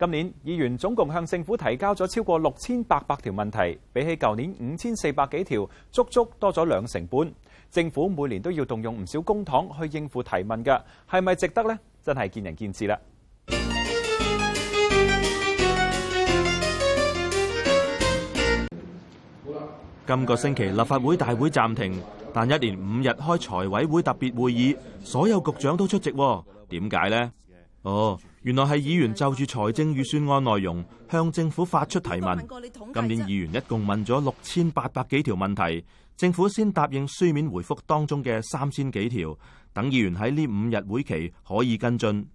今年議員總共向政府提交咗超過六千八百條問題，比起舊年五千四百幾條，足足多咗兩成半。政府每年都要動用唔少公帑去應付提問㗎，係咪值得呢？真係見仁見智啦。今個星期立法會大會暫停，但一連五日開財委會特別會議，所有局長都出席。點解呢？哦。原來係議員就住財政預算案內容向政府發出提問。今年議員一共問咗六千八百幾條問題，政府先答應書面回覆當中嘅三千幾條，等議員喺呢五日會期可以跟進。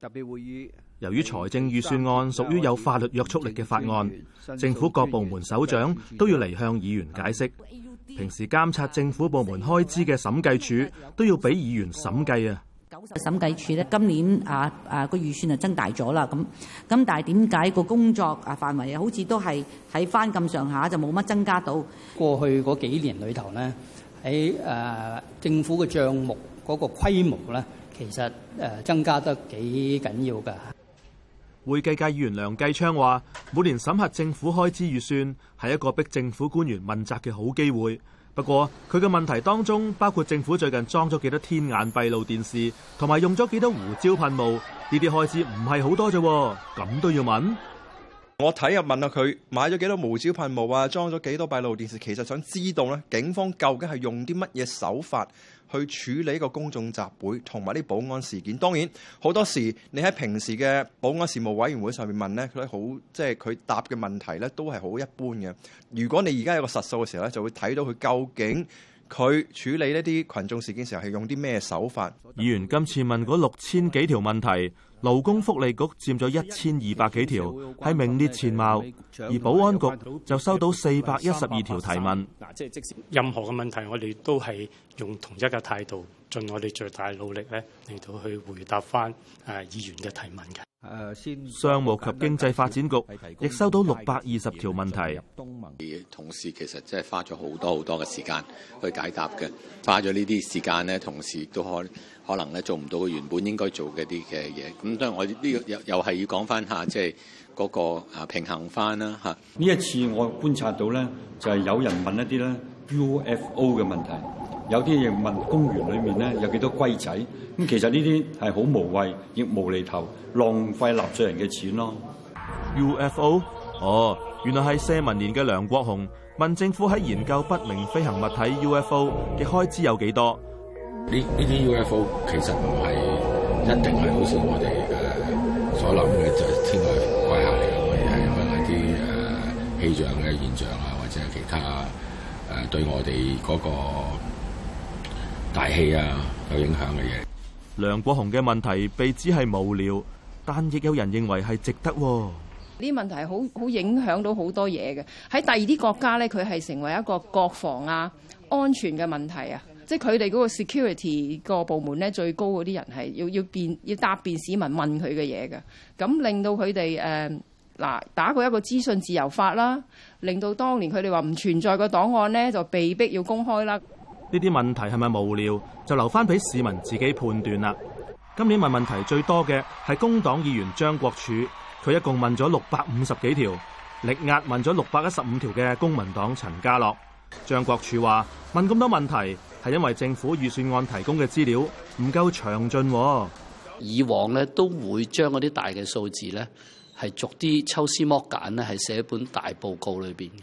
特別會議，由於財政預算案屬於有法律約束力嘅法案，政府各部門首長都要嚟向議員解釋。平時監察政府部門開支嘅審計署都要俾議員審計啊。審計署咧今年啊啊個預算就增大咗啦，咁、啊、咁但係點解個工作啊範圍啊好似都係喺翻咁上下就冇乜增加到？過去嗰幾年裏頭咧喺誒政府嘅賬目嗰個規模咧，其實誒、啊、增加得幾緊要噶。會計界議員梁繼昌話，每年審核政府開支預算係一個逼政府官員問責嘅好機會。不過佢嘅問題當中包括政府最近裝咗幾多天眼、閉路電視，同埋用咗幾多胡椒噴霧，呢啲開支唔係好多啫，咁都要問？我睇下問下佢買咗幾多胡椒噴霧啊？裝咗幾多閉路電視？其實想知道咧，警方究竟係用啲乜嘢手法去處理一個公眾集會同埋啲保安事件？當然，好多時你喺平時嘅保安事務委員會上面問呢，佢好即係佢答嘅問題呢，都係好一般嘅。如果你而家有個實數嘅時候呢，就會睇到佢究竟佢處理呢啲群眾事件時候係用啲咩手法？議員今次問嗰六千幾條問題。勞工福利局佔咗一千二百幾條，係名列前茅；而保安局就收到四百一十二條提問。任何嘅問題，我哋都係用同一個態度，盡我哋最大努力咧嚟到去回答翻誒議員嘅提問嘅。商務及經濟發展局亦收到六百二十條問題。同時，其實即係花咗好多好多嘅時間去解答嘅，花咗呢啲時間咧，同時亦都可以。可能咧做唔到佢原本應該做嘅啲嘅嘢，咁都係我呢個又又係要講翻下，即係嗰個啊平衡翻啦嚇。呢一次我觀察到咧，就係有人問一啲咧 UFO 嘅問題，有啲嘢問公園裏面咧有幾多龜仔，咁其實呢啲係好無謂亦無厘頭，浪費納稅人嘅錢咯。UFO，哦，原來係社民連嘅梁國雄問政府喺研究不明飛行物體 UFO 嘅開支有幾多？呢呢啲 UFO 其實唔係一定係好似我哋誒所諗嘅，就係天外怪客嚟嘅，而係可能啲誒氣象嘅現象啊，或者係其他誒對我哋嗰個大氣啊有影響嘅嘢。梁國雄嘅問題被指係無聊，但亦有人認為係值得。呢啲問題好好影響到好多嘢嘅。喺第二啲國家咧，佢係成為一個國防啊安全嘅問題啊。即係佢哋嗰個 security 個部門咧，最高嗰啲人係要要辯要答辯市民問佢嘅嘢嘅，咁令到佢哋誒嗱打過一個資訊自由法啦，令到當年佢哋話唔存在個檔案咧，就被逼要公開啦。呢啲問題係咪無聊，就留翻俾市民自己判斷啦。今年問問題最多嘅係工黨議員張國柱，佢一共問咗六百五十幾條，力壓問咗六百一十五條嘅公民黨陳家洛。張國柱話問咁多問題，係因為政府預算案提供嘅資料唔夠詳盡。哦，以往咧都會將嗰啲大嘅數字咧係逐啲抽絲剝繭咧，係寫一本大報告裏邊嘅，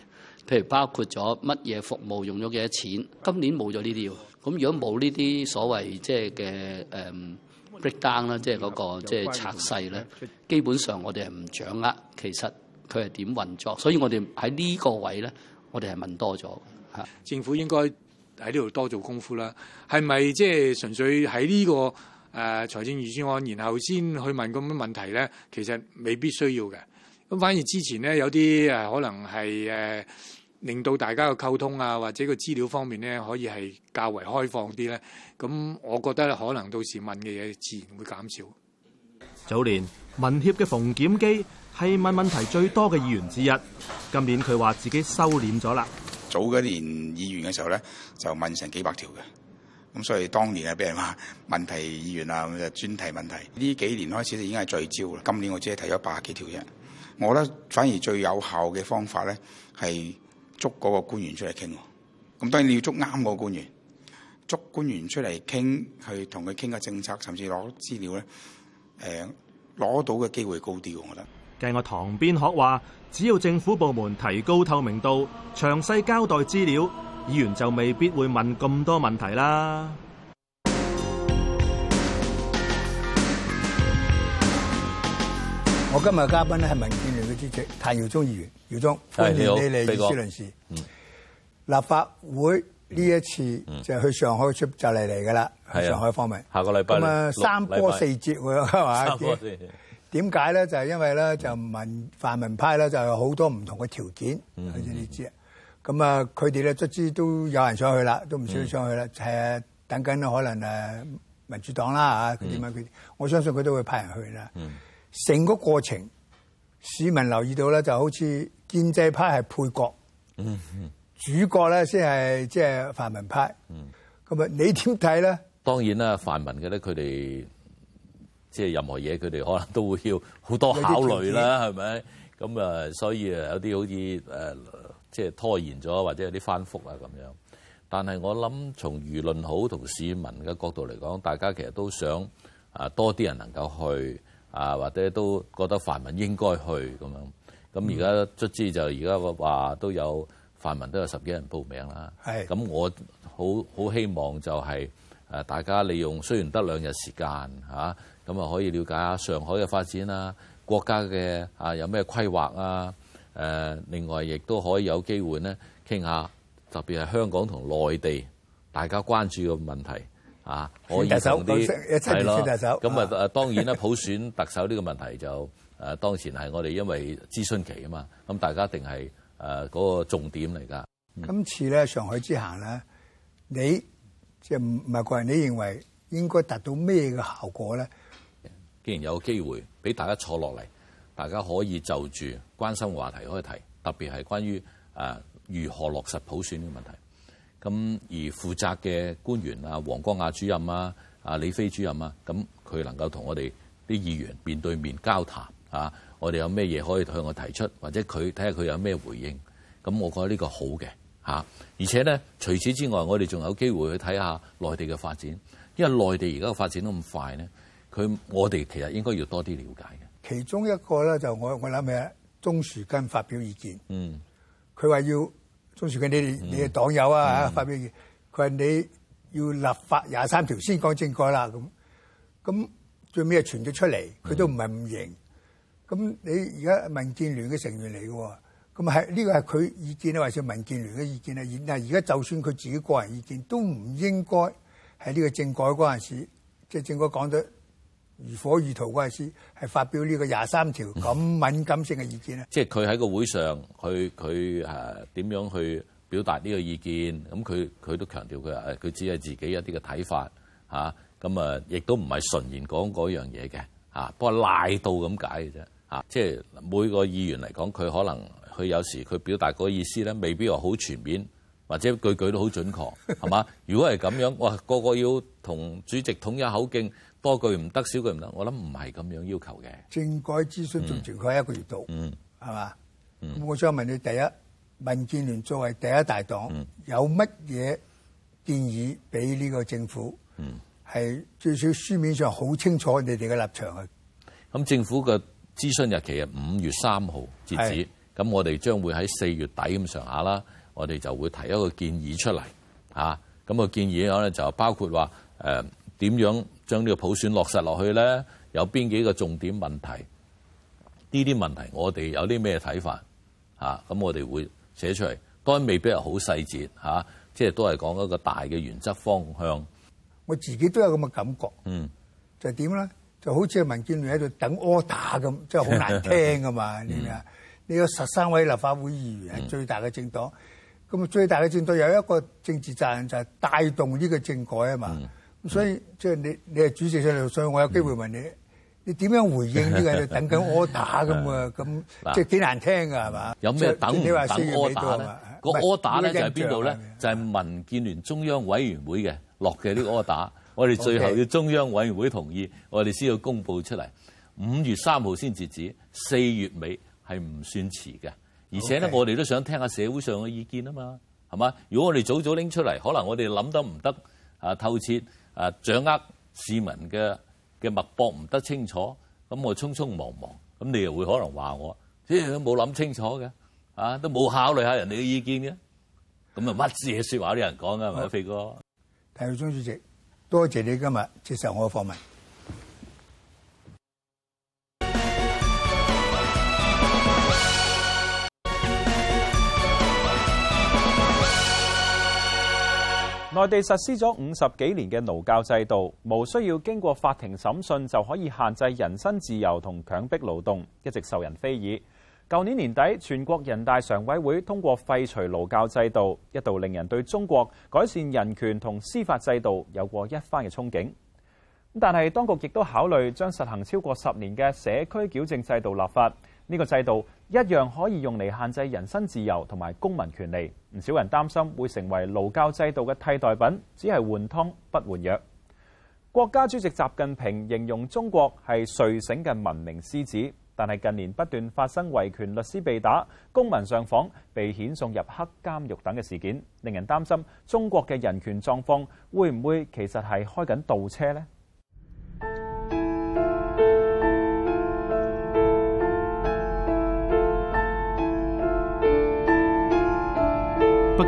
譬如包括咗乜嘢服務用咗幾多錢，今年冇咗呢啲，咁如果冇呢啲所謂即係嘅誒 break down 啦，那個，即係嗰個即係拆細咧，基本上我哋係唔掌握，其實佢係點運作，所以我哋喺呢個位咧，我哋係問多咗吓。政府應該。喺呢度多做功夫啦，係咪即係純粹喺呢個誒財政預算案，然後先去問咁多問題咧？其實未必需要嘅。咁反而之前咧，有啲誒可能係誒令到大家嘅溝通啊，或者個資料方面咧，可以係較為開放啲咧。咁我覺得可能到時問嘅嘢自然會減少。早年民協嘅馮檢基係問問題最多嘅議員之一，今年佢話自己收斂咗啦。早嗰年議員嘅時候咧，就問成幾百條嘅，咁所以當年啊，俾人話問題議員啊，咁就專題問題。呢幾年開始已經係聚焦啦。今年我只係提咗百幾條啫，我覺得反而最有效嘅方法咧，係捉嗰個官員出嚟傾喎。咁當然你要捉啱個官員，捉官員出嚟傾，去同佢傾個政策，甚至攞資料咧，誒攞到嘅機會高啲我覺得。計我堂邊鶴話，只要政府部門提高透明度，詳細交代資料，議員就未必會問咁多問題啦。我今日嘅嘉賓咧係民建聯嘅主席譚耀宗議員，耀宗，歡迎你嚟議事論事。立法會呢一次就係去上海出就嚟嚟噶啦，喺的上海方面。下個禮拜咁啊，三波四折喎，係期點解咧？就係、是、因為咧，就民泛民派咧，就有好多唔同嘅條件，佢似你知。咁啊，佢哋咧卒之都有人上去啦，都唔少上去啦，係啊、嗯，等緊可能誒民主黨啦嚇，佢點樣佢、嗯？我相信佢都會派人去啦。成、嗯、個過程，市民留意到咧，就好似建制派係配角，嗯嗯、主角咧先係即係泛民派。咁啊、嗯，你點睇咧？當然啦，泛民嘅咧，佢哋。即係任何嘢，佢哋可能都會要好多考慮啦，係咪？咁啊，所以啊，有啲好似誒，即係拖延咗，或者有啲翻覆啊，咁樣。但係我諗，從輿論好同市民嘅角度嚟講，大家其實都想啊多啲人能夠去啊，或者都覺得泛民應該去咁樣。咁而家卒之，嗯、就而家話都有泛民都有十幾人報名啦。係咁，我好好希望就係誒大家利用雖然得兩日時間嚇。啊咁啊，可以瞭解下上海嘅發展啦，國家嘅啊有咩規劃啊？誒，另外亦都可以有機會咧傾下，特別係香港同內地大家關注嘅問題啊，可以同啲係咯。咁啊，當然啦，普選特首呢個問題就誒，當前係我哋因為諮詢期啊嘛，咁大家一定係誒嗰個重點嚟㗎。今次咧上海之行咧，你即係唔係個人你認為應該達到咩嘅效果咧？既然有機會俾大家坐落嚟，大家可以就住關心話題可以提，特別係關於誒、呃、如何落實普選嘅問題。咁而負責嘅官員啊，王光亞主任啊，啊李飛主任啊，咁佢能夠同我哋啲議員面對面交談啊，我哋有咩嘢可以向佢提出，或者佢睇下佢有咩回應。咁我覺得呢個好嘅嚇、啊。而且咧，除此之外，我哋仲有機會去睇下內地嘅發展，因為內地而家發展咁快咧。佢我哋其實應該要多啲了解嘅。其中一個咧就我我諗起啊，鍾樹根發表意見，嗯，佢話要鐘樹根，你哋你哋黨友啊嚇，嗯、發表意見。佢話你要立法廿三條先講政改啦。咁咁最尾又傳咗出嚟，佢都唔係唔認。咁、嗯、你而家民建聯嘅成員嚟嘅，咁係呢個係佢意見啊，或者民建聯嘅意見啊。而家就算佢自己個人意見都唔應該喺呢個政改嗰陣時，即係政改講到，如火如荼嗰陣時，係發表呢個廿三條咁敏感性嘅意見咧、嗯。即係佢喺個會上，佢佢誒點樣去表達呢個意見？咁佢佢都強調佢誒，佢只係自己一啲嘅睇法嚇。咁啊，亦、啊、都唔係純然講嗰樣嘢嘅嚇，不過賴到咁解嘅啫嚇。即係每個議員嚟講，佢可能佢有時佢表達嗰個意思咧，未必話好全面，或者句句都好準確係嘛？如果係咁樣，哇，個個要同主席統一口徑。多句唔得，少句唔得，我諗唔係咁樣要求嘅。政改諮詢仲剩佢一個月到，係嘛？咁我想問你，第一，民建聯作為第一大黨，嗯、有乜嘢建議俾呢個政府？嗯，係最少書面上好清楚你哋嘅立場去。咁政府嘅諮詢日期係五月三號截止，咁的我哋將會喺四月底咁上下啦，我哋就會提一個建議出嚟吓。咁、啊那個建議可能就包括話誒點樣。將呢個普選落實落去咧，有邊幾個重點問題？呢啲問題我哋有啲咩睇法？咁、啊、我哋會寫出嚟，當然未必係好細節、啊、即係都係講一個大嘅原則方向。我自己都有咁嘅感覺，嗯，就係點咧？就好似民建聯喺度等柯打咁，即係好難聽噶嘛， 你明唔明啊？你有十三位立法會議員係、嗯、最大嘅政黨，咁啊最大嘅政黨有一個政治責任就係、是、帶動呢個政改啊嘛。嗯。所以即係你，你係主席上嚟，所以我有機會問你，你點樣回應呢個等緊 order 咁啊？咁即係幾難聽㗎，係嘛？有咩等唔等 order 咧？個 order 咧就係邊度咧？就係民建聯中央委員會嘅落嘅呢個 order。我哋最後要中央委員會同意，我哋先要公佈出嚟。五月三號先截止，四月尾係唔算遲嘅。而且咧，我哋都想聽下社會上嘅意見啊嘛，係嘛？如果我哋早早拎出嚟，可能我哋諗得唔得啊透徹。啊！掌握市民嘅嘅脈搏唔得清楚，咁我匆匆忙忙，咁你又會可能話我，即係都冇諗清楚嘅，啊都冇考慮下人哋嘅意見嘅，咁啊乜嘢説話啲人講㗎？係咪啊，飛哥？譚耀宗主席，多謝你今日接受我嘅訪問。內地實施咗五十幾年嘅勞教制度，冇需要經過法庭審訊就可以限制人身自由同強迫勞動，一直受人非議。舊年年底，全國人大常委會通過廢除勞教制度，一度令人對中國改善人權同司法制度有過一番嘅憧憬。但係當局亦都考慮將實行超過十年嘅社區矯正制度立法。呢個制度一樣可以用嚟限制人身自由同埋公民權利，唔少人擔心會成為勞教制度嘅替代品，只係換湯不換藥。國家主席習近平形容中國係睡醒嘅文明獅子，但係近年不斷發生維權律師被打、公民上訪被遣送入黑監獄等嘅事件，令人擔心中國嘅人權狀況會唔會其實係開緊倒車呢？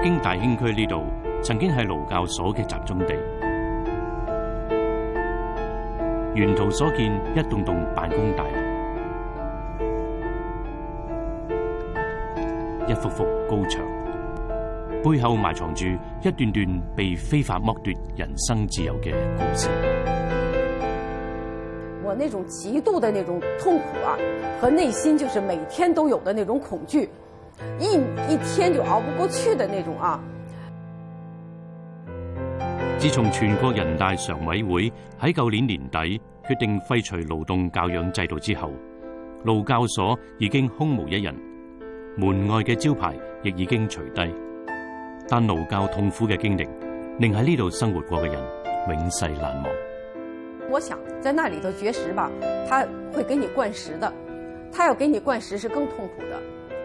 京大興區呢度，曾經係勞教所嘅集中地。沿途所見一棟棟辦公大樓，一幅幅高牆，背後埋藏住一段段被非法剝奪人身自由嘅故事。我那種極度的那種痛苦啊，和內心就是每天都有的那種恐懼。一一天就熬不過去的那種啊！自從全國人大常委會喺舊年年底決定廢除勞動教養制度之後，勞教所已經空無一人，門外嘅招牌亦已經除低，但勞教痛苦嘅經歷，令喺呢度生活過嘅人永世難忘。我想在那裏頭絕食吧，他會給你灌食的，他要給你灌食是更痛苦的。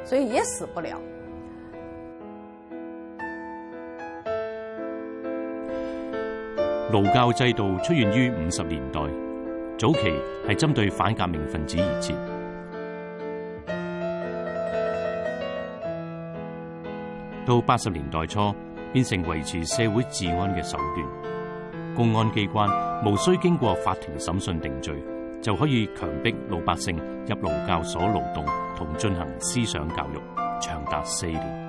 所以也死不了。勞教制度出現於五十年代，早期係針對反革命分子而設，到八十年代初變成維持社會治安嘅手段。公安機關無需經過法庭審訊定罪，就可以強迫老百姓入勞教所勞動。進行思想教育長達四年。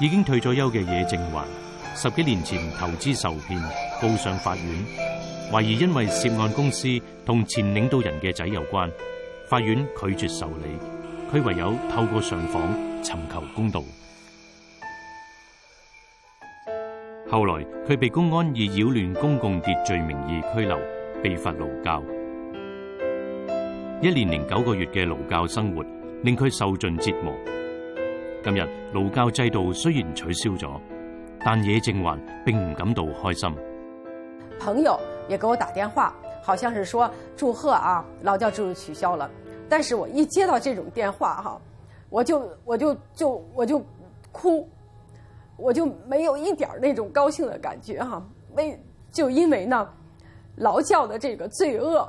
已經退咗休嘅野正環十幾年前投資受騙，告上法院，懷疑因為涉案公司同前領導人嘅仔有關，法院拒絕受理。佢唯有透過上訪尋求公道。後來佢被公安以擾亂公共秩序名義拘留，被罰勞教。一年零九個月嘅勞教生活令佢受盡折磨。今日勞教制度雖然取消咗，但野正環並唔感到開心。朋友也給我打電話，好像是說祝賀啊，勞教制度取消了。但是我一接到這種電話哈，我就我就就我就哭，我就沒有一點那種高興嘅感覺哈。為就因為呢，勞教的這個罪惡。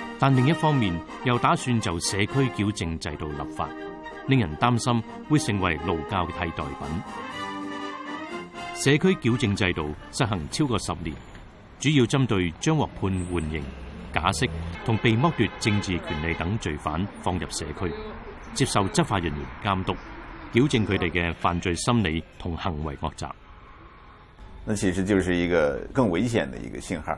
但另一方面，又打算就社區矯正制度立法，令人擔心會成為勞教嘅替代品。社區矯正制度實行超過十年，主要針對將獲判緩刑、假釋同被剝奪政治權利等罪犯放入社區，接受執法人員監督，矯正佢哋嘅犯罪心理同行為惡習。那其實就是一個更危險的一個信號。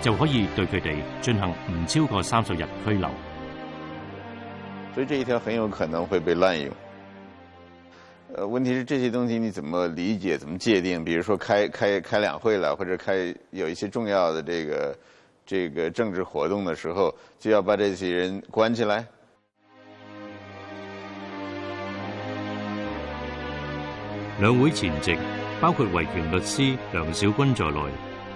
就可以對佢哋進行唔超過三十日拘留。所以這一條很有可能會被濫用。呃，問題是這些東西你怎麼理解、怎麼界定？比如說開開開兩會啦，或者開有一些重要的這個這個政治活動的時候，就要把這些人關起來。兩會前夕，包括維權律師梁小軍在內。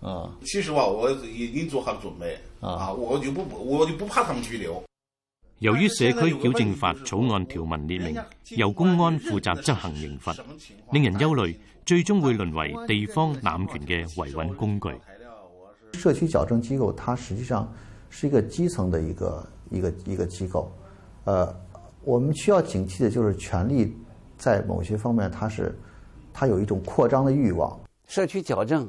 啊，其實話我已經做好準備，啊，我就不我就不怕他們拘留。由於社區矯正法草案條文列明由公安負責執行刑罰，令人憂慮，最終會淪為地方攬權嘅維穩工具。社區矯正機構，它實際上是一個基層的一個一個一個機構，呃、uh,，我們需要警惕的就是權力在某些方面，它是，它有一種擴張的欲望。社區矯正。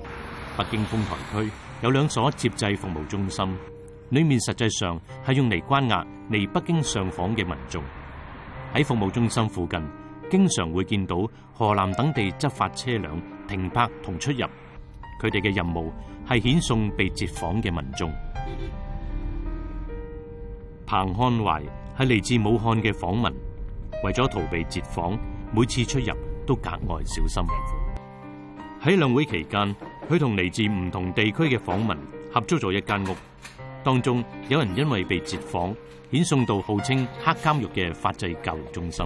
北京豐台區有兩所接濟服務中心，裏面實際上係用嚟關押嚟北京上訪嘅民眾。喺服務中心附近，經常會見到河南等地執法車輛停泊同出入。佢哋嘅任務係遣送被截訪嘅民眾。彭漢懷係嚟自武漢嘅訪民，為咗逃避截訪，每次出入都格外小心。喺兩會期間。佢同嚟自唔同地區嘅訪民合租咗一間屋，當中有人因為被截訪，遣送到號稱黑監獄嘅法制教育中心。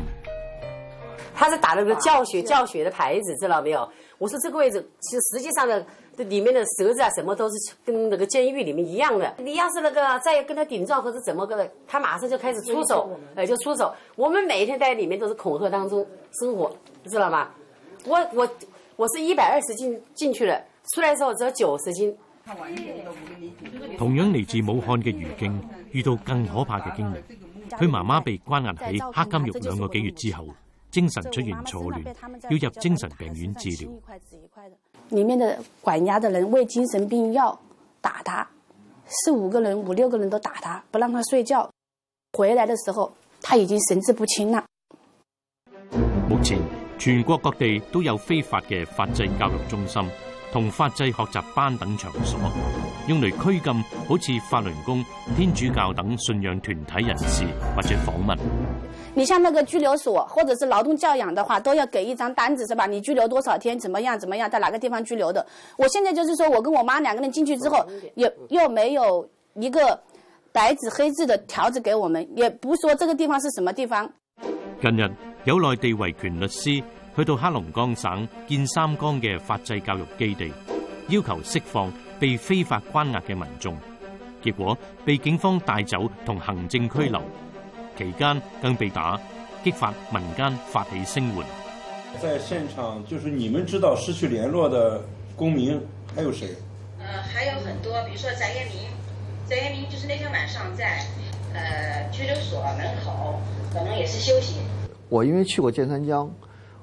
他是打了個教學教學嘅牌子，知道沒有？我說這個位置，其實實際上的裏面的設施啊，什麼都是跟那個監獄裏面一樣嘅。你要是那個再跟他頂撞或者怎麼個，他馬上就開始出手，誒就出手。我們每一天在裏面都是恐嚇當中生活，知道嗎？我我我是一百二十進進去了。出來的時候只有九十斤。同樣嚟自武漢嘅余敬遇到更可怕嘅經歷，佢媽媽被關押喺黑監獄兩個幾月之後，精神出現錯亂，要入精神病院治療。裏面的管押的人餵精神病藥，打他，四五個人、五六個人都打他，不讓他睡覺。回來的時候他已經神志不清了。目前全國各地都有非法嘅法制教育中心。同法制學習班等場所，用嚟拘禁好似法輪功、天主教等信仰團體人士或者訪民。你像那個拘留所，或者是勞動教養的話，都要給一張單子，是吧？你拘留多少天，怎麼樣，怎麼樣，在哪個地方拘留的？我現在就是說我跟我媽兩個人進去之後，也又沒有一個白紙黑字的條子給我們，也不說這個地方是什麼地方。近日有內地維權律師。去到黑龍江省建三江嘅法制教育基地，要求釋放被非法關押嘅民眾，結果被警方帶走同行政拘留，期間更被打，激發民間發起聲援。在現場，就是你們知道失去聯絡的公民還有誰？呃，還有很多，比如說翟岩民，翟岩民就是那天晚上在呃拘留所門口，可能也是休息。我因為去過建三江。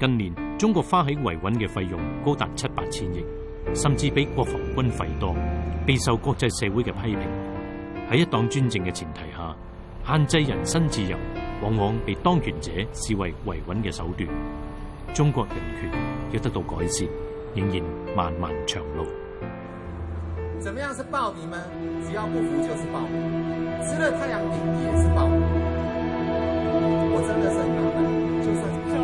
近年，中國花起維穩嘅費用高達七八千億，甚至比國防軍費多，備受國際社會嘅批評。喺一黨專政嘅前提下，限制人身自由，往往被當權者視為維穩嘅手段。中國人權要得到改善，仍然漫漫長路。怎麼樣是暴民呢？只要不服就是暴民，吃了太陽餅也是暴民。我真的是很納悶，就算。